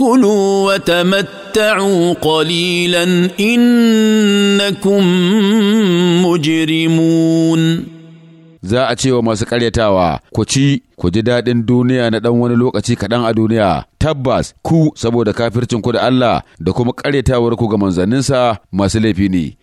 كلوا وتمتعوا قليلا انكم مجرمون za a ce wa masu karyatawa ku ci ku ji daɗin duniya na ɗan wani lokaci kaɗan a duniya tabbas ku saboda kafircinku da Allah da kuma karyatawar ku ga manzanninsa masu laifi ne